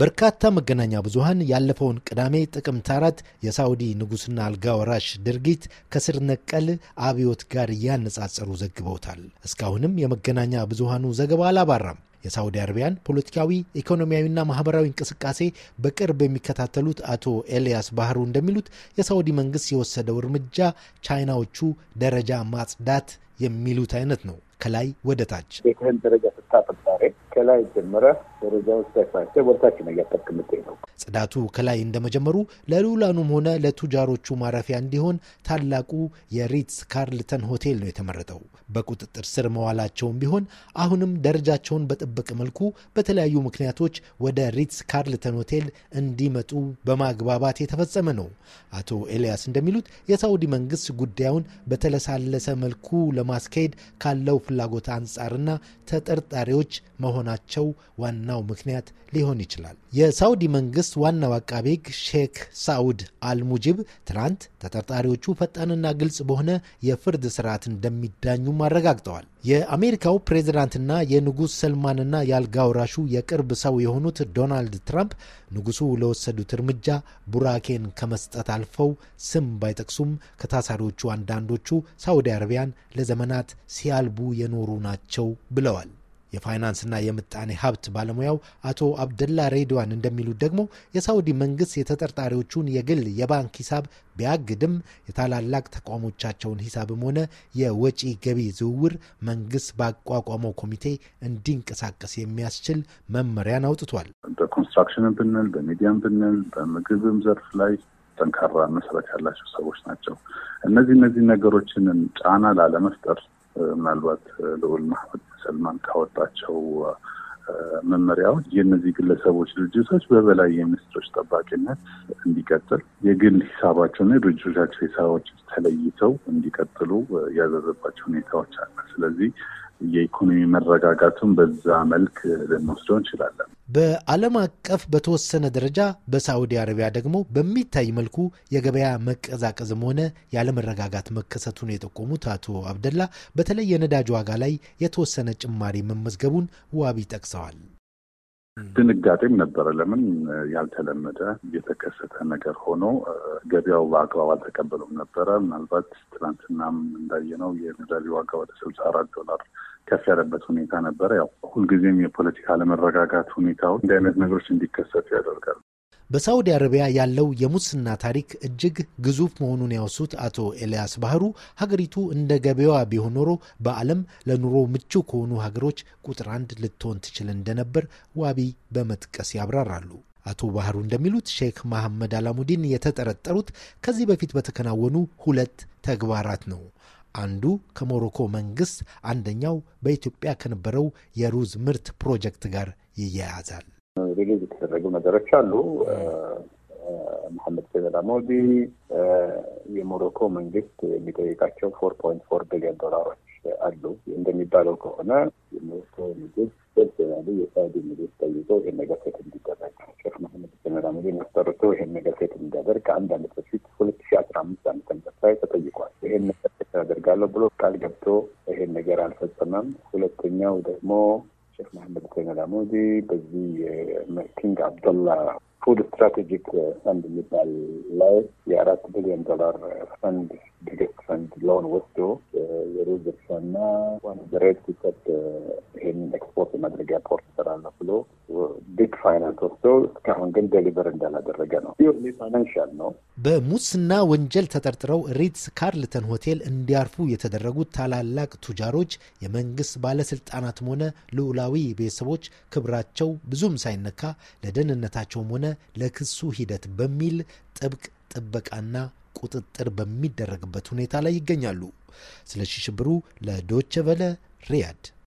በርካታ መገናኛ ብዙሀን ያለፈውን ቅዳሜ ጥቅምት አራት የሳውዲ ንጉሥና አልጋ ወራሽ ድርጊት ከስር ነቀል አብዮት ጋር እያነጻጸሩ ዘግበውታል። እስካሁንም የመገናኛ ብዙሀኑ ዘገባ አላባራም። የሳውዲ አረቢያን ፖለቲካዊ ኢኮኖሚያዊና ማህበራዊ እንቅስቃሴ በቅርብ የሚከታተሉት አቶ ኤልያስ ባህሩ እንደሚሉት የሳውዲ መንግስት የወሰደው እርምጃ ቻይናዎቹ ደረጃ ማጽዳት የሚሉት አይነት ነው። ከላይ ወደ ታች ቤትህን ደረጃ ስታጥብ ዛሬ ከላይ ጀመረ ደረጃዎች ሳይፋቸው ወደታች ነው እያጠቅ ነው። ጽዳቱ ከላይ እንደመጀመሩ ለልዑላኑም ሆነ ለቱጃሮቹ ማረፊያ እንዲሆን ታላቁ የሪትስ ካርልተን ሆቴል ነው የተመረጠው። በቁጥጥር ስር መዋላቸውም ቢሆን አሁንም ደረጃቸውን በጠበቀ መልኩ በተለያዩ ምክንያቶች ወደ ሪትስ ካርልተን ሆቴል እንዲመጡ በማግባባት የተፈጸመ ነው። አቶ ኤልያስ እንደሚሉት የሳውዲ መንግስት ጉዳዩን በተለሳለሰ መልኩ ለማስካሄድ ካለው ፍላጎት አንጻርና ተጠርጣሪዎች መሆና መሆናቸው ዋናው ምክንያት ሊሆን ይችላል። የሳውዲ መንግስት ዋናው አቃቤ ሕግ ሼክ ሳውድ አልሙጂብ ትናንት ተጠርጣሪዎቹ ፈጣንና ግልጽ በሆነ የፍርድ ስርዓት እንደሚዳኙም አረጋግጠዋል። የአሜሪካው ፕሬዝዳንትና የንጉሥ ሰልማንና የአልጋውራሹ የቅርብ ሰው የሆኑት ዶናልድ ትራምፕ ንጉሱ ለወሰዱት እርምጃ ቡራኬን ከመስጠት አልፈው ስም ባይጠቅሱም ከታሳሪዎቹ አንዳንዶቹ ሳውዲ አረቢያን ለዘመናት ሲያልቡ የኖሩ ናቸው ብለዋል። የፋይናንስና የምጣኔ ሀብት ባለሙያው አቶ አብደላ ሬድዋን እንደሚሉት ደግሞ የሳውዲ መንግስት የተጠርጣሪዎቹን የግል የባንክ ሂሳብ ቢያግድም የታላላቅ ተቋሞቻቸውን ሂሳብም ሆነ የወጪ ገቢ ዝውውር መንግስት ባቋቋመው ኮሚቴ እንዲንቀሳቀስ የሚያስችል መመሪያን አውጥቷል። በኮንስትራክሽንም ብንል በሚዲያም ብንል በምግብም ዘርፍ ላይ ጠንካራ መሰረት ያላቸው ሰዎች ናቸው። እነዚህ እነዚህ ነገሮችንን ጫና ላለመፍጠር ምናልባት ልዑል መሐመድ ሰልማን ካወጣቸው መመሪያዎች የእነዚህ ግለሰቦች ድርጅቶች በበላይ የሚኒስትሮች ጠባቂነት እንዲቀጥል የግል ሂሳባቸውና የድርጅቶቻቸው ሂሳቦች ተለይተው እንዲቀጥሉ ያዘዘባቸው ሁኔታዎች አለ። ስለዚህ የኢኮኖሚ መረጋጋቱን በዛ መልክ ልንወስደው እንችላለን። በዓለም አቀፍ በተወሰነ ደረጃ በሳዑዲ አረቢያ ደግሞ በሚታይ መልኩ የገበያ መቀዛቀዝም ሆነ ያለመረጋጋት መከሰቱን የጠቆሙት አቶ አብደላ በተለይ የነዳጅ ዋጋ ላይ የተወሰነ ጭማሪ መመዝገቡን ዋቢ ጠቅሰዋል። ድንጋጤም ነበረ። ለምን ያልተለመደ የተከሰተ ነገር ሆኖ ገበያው በአግባብ አልተቀበሉም ነበረ። ምናልባት ትናንትናም እንዳየነው የነዳጅ ዋጋ ወደ ስልሳ አራት ዶላር ከፍ ያለበት ሁኔታ ነበረ። ያው ሁልጊዜም የፖለቲካ አለመረጋጋት ሁኔታው እንዲህ አይነት ነገሮች እንዲከሰቱ ያደርጋል። በሳዑዲ አረቢያ ያለው የሙስና ታሪክ እጅግ ግዙፍ መሆኑን ያወሱት አቶ ኤልያስ ባህሩ ሀገሪቱ እንደ ገበያዋ ቢሆን ኖሮ በዓለም ለኑሮ ምቹ ከሆኑ ሀገሮች ቁጥር አንድ ልትሆን ትችል እንደነበር ዋቢ በመጥቀስ ያብራራሉ። አቶ ባህሩ እንደሚሉት ሼክ መሐመድ አላሙዲን የተጠረጠሩት ከዚህ በፊት በተከናወኑ ሁለት ተግባራት ነው። አንዱ ከሞሮኮ መንግስት፣ አንደኛው በኢትዮጵያ ከነበረው የሩዝ ምርት ፕሮጀክት ጋር ይያያዛል። ሪሊዝ የተደረጉ ነገሮች አሉ። መሐመድ ሴበላ ሞዲ የሞሮኮ መንግስት የሚጠይቃቸው ፎር ፖይንት ፎር ቢሊዮን ዶላሮች አሉ። እንደሚባለው ከሆነ የሞሮኮ መንግስት ሴበላ የሳውዲ መንግስት ጠይቆ ይህን ነገር ሴት እንዲደረግ ሼክ መሐመድ ሴበላ ሞዲ ማስጠርቶ ይህን ነገር ሴት እንዲያደርግ ከአንድ አመት በፊት ሁለት ሺ አስራ አምስት ዓመተ ምህረት ላይ ተጠይቋል። ይህን ነገር ሴት አደርጋለሁ ብሎ ቃል ገብቶ ይህን ነገር አልፈጸመም። ሁለተኛው ደግሞ الشيخ محمد حسين العمودي بدي كينج عبد الله فود استراتيجيك فند نيبال لايف يا رات بليون دولار فند بيجست فند لون وستو يروز الفنان وانا دريت كتبت ان اكسبورت مدريد ايربورت ترى على فلو ፋይናንስ ወስዶ እስካሁን ግን ደሊቨር እንዳላደረገ ነው። ፒርሊ ፋይናንሻል ነው። በሙስና ወንጀል ተጠርጥረው ሪትስ ካርልተን ሆቴል እንዲያርፉ የተደረጉት ታላላቅ ቱጃሮች የመንግስት ባለስልጣናትም ሆነ ልዑላዊ ቤተሰቦች ክብራቸው ብዙም ሳይነካ ለደህንነታቸውም ሆነ ለክሱ ሂደት በሚል ጥብቅ ጥበቃና ቁጥጥር በሚደረግበት ሁኔታ ላይ ይገኛሉ። ስለሺ ሽብሩ ለዶቸ ቨለ ሪያድ